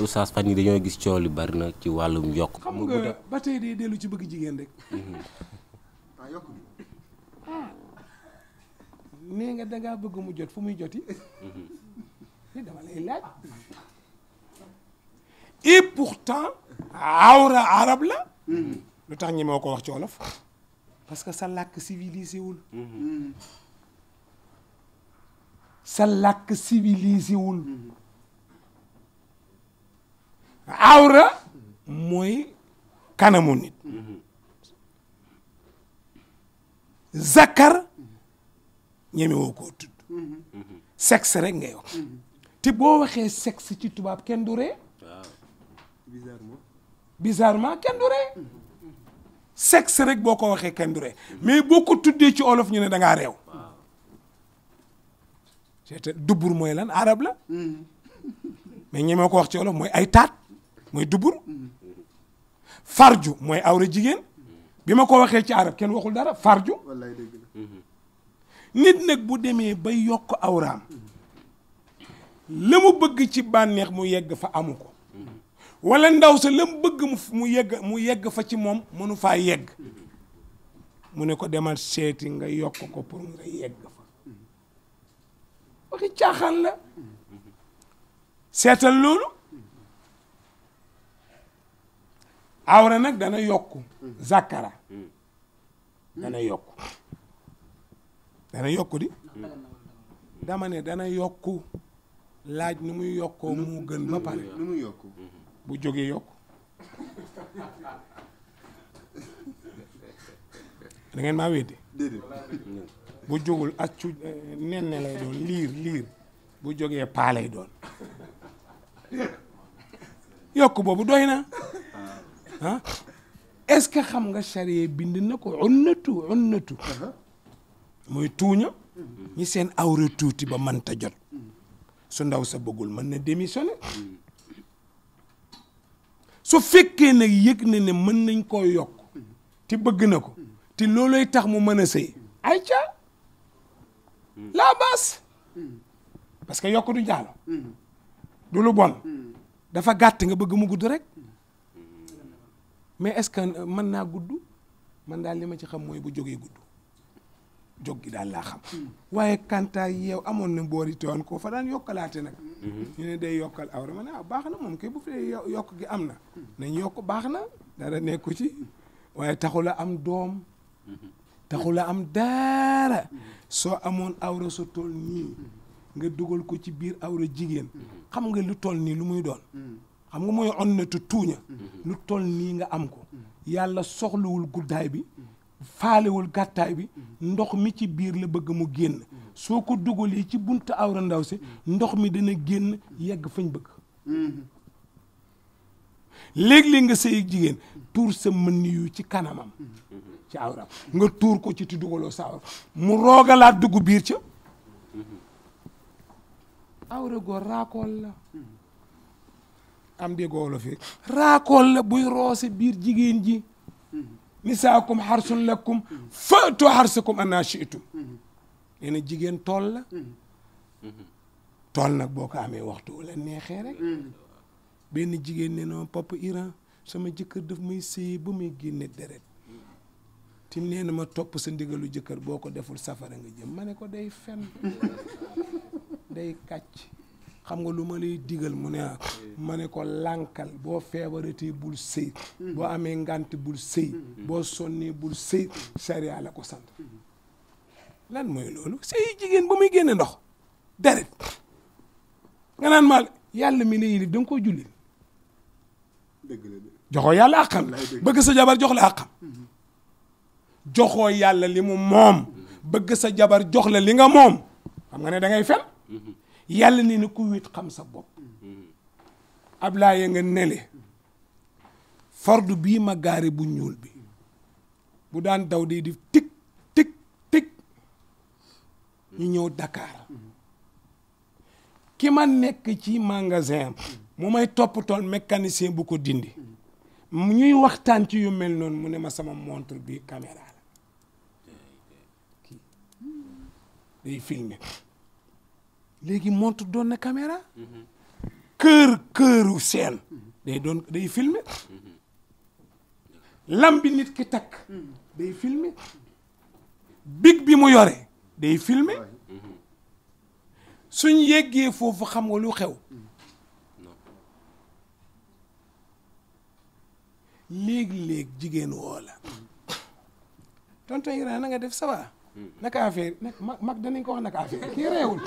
mais oustaz yi dañoo gis coow li bari na ci wàllum yokk. xam nga ba tey day dellu ci bëgg jigéen rek. Ah, ah. nee nga dangaa bëgg mu jot fu muy joti mm-hmm. ni dama lay la mm-hmm. lu tax ñi moo ko wax ci wolof que sa làkk civilisé wul mm-hmm. sa làkk civilisé awra mooy kanamu nit zakar ñeme woo koo tudd sexe rek ngay wax te boo waxee sexe ci tubaab kenn du ree bizarrement bizarrement kenn du ree sexe rek boo ko waxee kenn du ree mais boo ko tuddee ci olof ñu ne da ngaa réew dubur mooy lan arab la mm-hmm. mais ñeme ko wax ci olof mooy ay taat mooy dubur farju mooy awra jigéen bi ma ko waxee ci arab kenn waxul dara farju nit nag bu demee ba yokk awraam la mu bëgg ci bànneex mu yegg fa amu ko wala ndaw sa la mu bëgg mu yegg fa ci moom mënu faa yegg mu ne ko demal seeti nga yokk ko pour nga yegg fa waxi caaxaan la seetal loolu awra nag dana yokk zakara dana yokk dana yokk di dama dana yokk laaj nu muy yokkoo mu gën ba pare nu muy yokk bu jógee yokk da ngeen maa bu jógul accu eh, nen ne lay doon liir liir bu jógee paalay doon yokk boobu doy ah est-ce que xam nga charia bind na ko unnatu unnatu uh-huh. mooy tuuña ñi seen awra tuuti ba mënta jot su ndaw sa bëggul mën na démissionner su fekkee nag yëg na ne mën nañ koo yokk te bëgg na ko te looloy tax mu mën a sëy ay ca la baas parce que yokk du jaalo mm. du lu bon dafa gàtt nga bëgg mu gudd rek mais est-ce que mën naa gudd man daal li ma ci xam mooy bu jógee gudd jóg gi daal laa xam waaye kantaay yeew amoon na boori teewoon koo fa daan yokkalaate nag ñu ne day yokkal awra ma ne ah baax na moom bu fi yokk gi am na nañ yokk baax na dara nekku ci waaye taxula am doom taxula am daara soo amoon awra su toll nii nga dugal ko ci biir awra jigéen xam nga lu toll nii lu muy doon xam nga mooy onnatu tuuña lu toll nii nga am ko yàlla soxlawul guddaay bi faalewul gàttaay bi ndox mi ci biir la bëgg mu génn soo ko dugalee ci bunt awra ndaw si ndox mi dana génn yegg fañ bëgg léeg-léeg nga sëy jigéen tuur sa mën yu ci kanamam ci awra nga tuur ko ci ti dugaloo sa awra mu roogalaat dugg biir ca awra goor raakool la am déggoo la fi raakool la buy roose biir jigéen ji nisaakum xarsun lakum faatu xarsakum anaa shi'tum nee jigéen tool la tool nag boo ko amee waxtu la neexee rek benn jigéen ne noon papa Iran sama jëkkër daf may séye ba muy génne deret tim nee na ma topp sa ndigalu jëkkër boo ko deful safara nga jëm ma ne ko day fen day kàcc xam nga lu ma lay digal mu ne ma ne ko lànkal boo feebaratee bul sëy boo amee ngant bul sëy boo sonnee bul sëy sariya la ko sant lan mooy loolu sëy jigéen ba muy génne ndox deret nga naan ma yàlla mi la yilif da nga koo julli joxoo yàlla àqam bëgg sa jabar jox la àqam joxoo yàlla li mu moom bëgg sa jabar jox la li nga moom xam nga ne da ngay yàlla ne na ku wit xam sa bopp abla nga nele ford bii ma gaare bu ñuul bi bu daan daw day di tik tik tik ñu ñëw Dakar ki ma nekk ci magasin mu may toppatoon mécanicien bu ko dindi ñuy waxtaan ci yu noonu mu ne ma sama montre bi caméra la kii day léegi montre doon na caméra mhm. kër këru seen mhm. day doon day filmer mhm. lam bi nit ki takk day filmer big bi mu yore day filmer suñ yeggee foofu xam nga lu xew léegi-léeg jigéen woo la tonton Iran na nga def ça va naka affaire nag mag danañ ko wax naka affaire kii réewul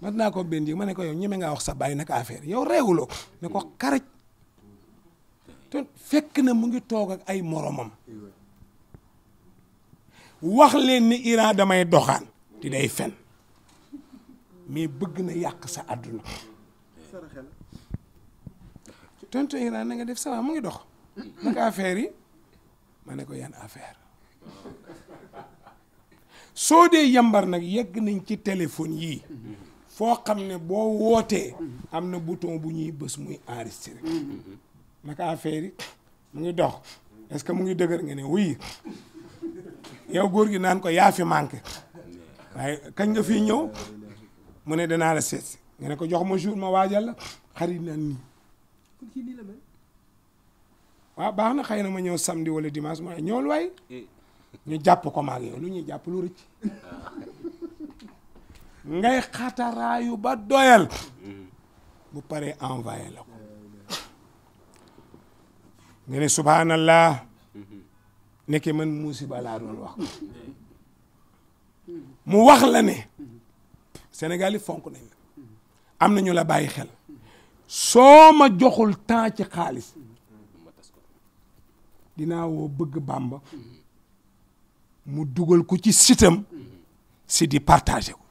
mat naa ko benn ji ma ne ko yow ñeme ngaa wax sa bàyyi nag affaire yow réewuloo ne ko karaj te fekk na mu ngi toog ak ay moromam wax leen ni Iran damay doxaan di day fen mais bëgg na yàq sa àdduna tontu Iran na nga def sa mu ngi dox naka affaire yi ma ne ko yan affaire soo dee yambar nag yegg nañ ci téléphone yii foo xam ne boo wootee am na bouton bu ñuy bës muy enregistré naka affaire yi mu ngi dox est-ce que mu ngi dëgër nga ne wuy yow góor gi naan ko yaa fi manqué waaye kañ nga fii ñëw mu ne danaa la seet si nga ne ko jox ma jour ma waajal la xarit naan nii waaw baax na xëy na ma ñëw samedi wala dimanche ma ñëwul waay eh. ñu jàpp ko maag yow lu ñuy jàpp lu rëcc ngay xataraayu ba doyal bu pare envoyé la ko nga ne subhanallah nekke man musiba laa doon wax mu wax la ne Sénégal yi fonk nañ la am na ñu la bàyyi xel soo ma joxul temps ci xaalis dinaa woo bëgg Bàmba mu dugal ko ci sitam si di partagé ko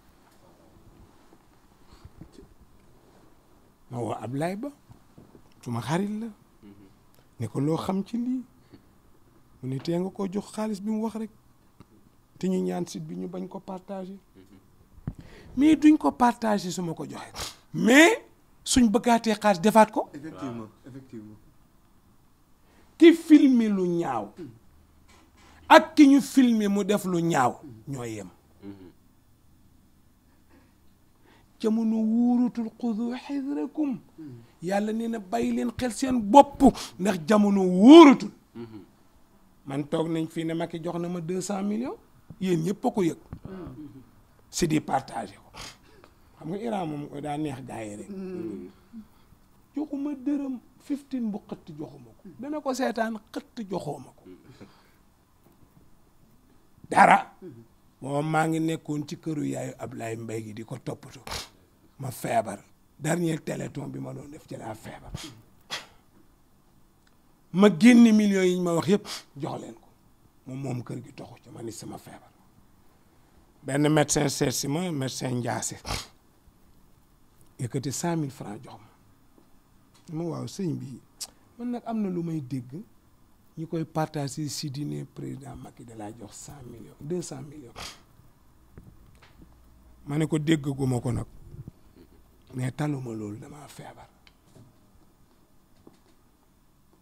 ma ab laay Ba suma xarit la mm-hmm. ne ko loo xam ci lii mu ne tee nga koo jox xaalis bi mu wax rek te ñu ñaan site bi ñu bañ ko partager mm-hmm. mais duñ ko partager su ma ko joxee mais suñ bëggaatee xaalis defaat ko. effectivement effectivement. ki filmer lu ñaaw mm. ak ki ñu filmer mu def lu ñaaw mm. ñoo yem. ca munu wuurutul xudu xidrakum yàlla nee na bàyyi leen xel seen bopp ndax jamono wóorutul man toog nañ fii ne Macky jox na ma deux cent millions yéen ñëpp a ko yëg c'est di partagé ko xam nga Iran moom ko daa neex gars joxuma dërëm fifteen bu xëtt joxuma ko seetaan xëtt joxooma ko dara moom maa ngi nekkoon ci këru yaay ab Ablaye mbay gi di ko toppatoo ma feebar dernier téléthon bi ma doon def ci laa feebar ma génn million yi ñu ma wax yépp jox leen ko moom moom kër gi toxu ci ma ni sama feebar benn médecin seet si ma médecin Ndiasse yëkkati cent mille francs jox ma ma waaw sëñ bi man nag am na lu may dégg ñu koy partasi si dine président Macky da laa jox cent millions deux cent ma ne ko dégguma ko nag mais taluma loolu damaa feebar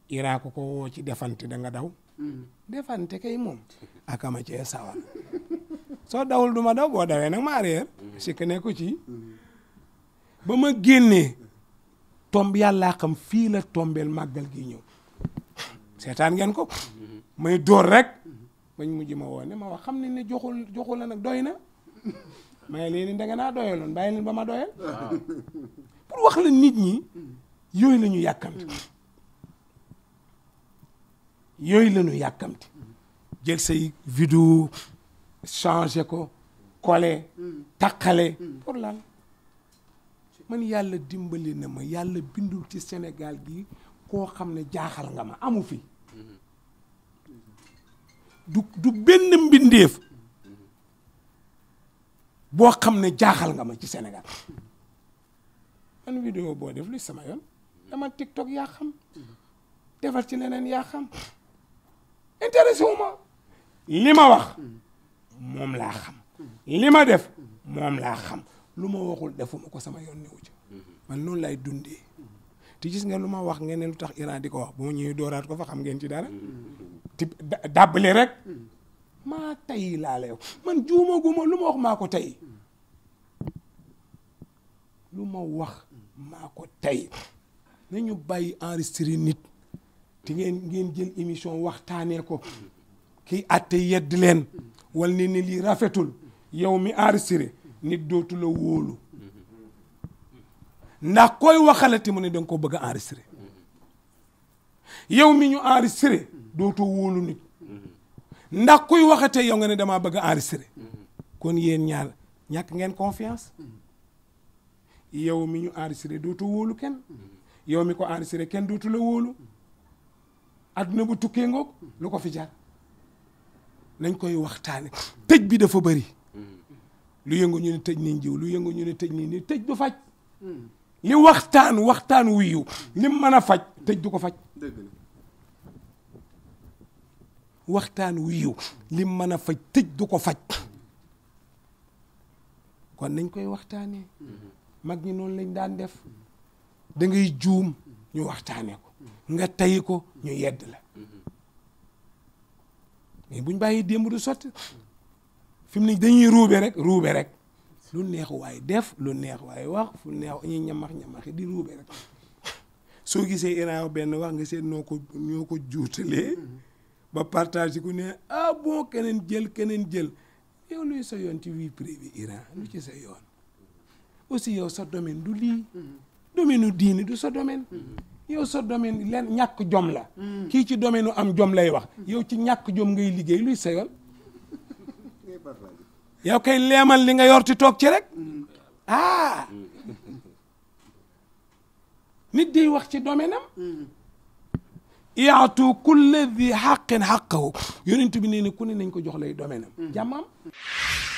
iraa ko ko woo ci defante da nga daw mm. defante kay moom akama cee sawar soo dawul du ma daw boo dawee nag ma réer si que ne ko ci mm. ba ma génnee tomb yàllaa xam fii la tombeel màggal gii ñëw seetaan ngeen ko may dóor rek bañ mujj ma woo ne ma wax xam ne ne joxul joxul la nag doy na may leen da nga naa doyaloon bàyyi leen ba ma doyal pour wax la nit ñi yooyu la ñu yàkkamti yooyu la ñu yàkkamti jël changé ko kole takkale pour lan man yàlla dimbali na ma yàlla bindul ci Sénégal gi koo xam ne jaaxal nga ma amu fi du du benn mbindeef boo xam ne jaaxal nga ma ci senegal man vidéo boo def lu sama yoon dama TikTok yaa xam defal ci leneen yaa xam intéressé wu ma li ma wax moom laa xam li ma def moom laa xam lu ma waxul defuma ko sama yoon newu ci man noonu lay dundee te gis nga lu ma wax ngeen ne lu tax Iran di ko wax boo ñëwee dooraat ko fa xam ngeen ci dara ti dàbbali rek maa tey laa lay wax man juumaguma lu ma wax maa ko tey lu ma wax maa ko tey nañu bàyyi enregistré nit te ngeen ngeen jël émission waxtaanee ko kii atte yedd leen wal ne ni lii rafetul yow mi enregistré nit dootu la wóolu ndax koy waxalati mu ne danga koo bëgg a enregistré yow mi ñu enregistré dootoo wóolu nit ndax kuy waxatee yow nga ne damaa bëgg a kon yéen ñaar ñàkk ngeen confiance yow mi ñu enregistré dootoo wóolu kenn yow mi ko enregistré kenn dootu la wóolu adduna bu tukkee ngoog lu ko fi jar nañ koy waxtaan tëj bi dafa bëri lu yëngu ñu ne tëj nañ jiw lu yëngu ñu ne tëj nañ tëj du faj hmm. li waxtaan waxtaan wuyu li mën a faj tëj du ko faj waxtaan wu yiw lim mën a faj tëj du ko faj kon nañ koy waxtaanee mag ñi noonu lañ daan def dangay juum ñu waxtaanee ko nga tay ko ñu yedd la mais buñ bàyyi démb du sotti fi mu dañuy ruube rek ruube rek lu neex waay def lu neex waaye wax fu neex ñuy ñamax ñamaxi di ruube rek soo gisee Iran benn wax nga seet ko ñoo ko juutalee ba partage ku ne ah bon keneen jël keneen jël yow luy sa yoon ci vie privée Iran lu ci sa yoon aussi yow sa domaine du lii domaine u diini du sa domaine yow sa domaine leen ñàkk jom la hmm. kii ci domaine am jom lay wax yow ci ñàkk jom ngay liggéey luy sa yoon yow kay leemal li nga yorti toog ci rek ah hmm. nit day wax ci domaine am hmm. yaatu kulle di xaqin xaqahu yonent bi nee ne ku ne nañ ko jox lay domaine am mm. jàmm am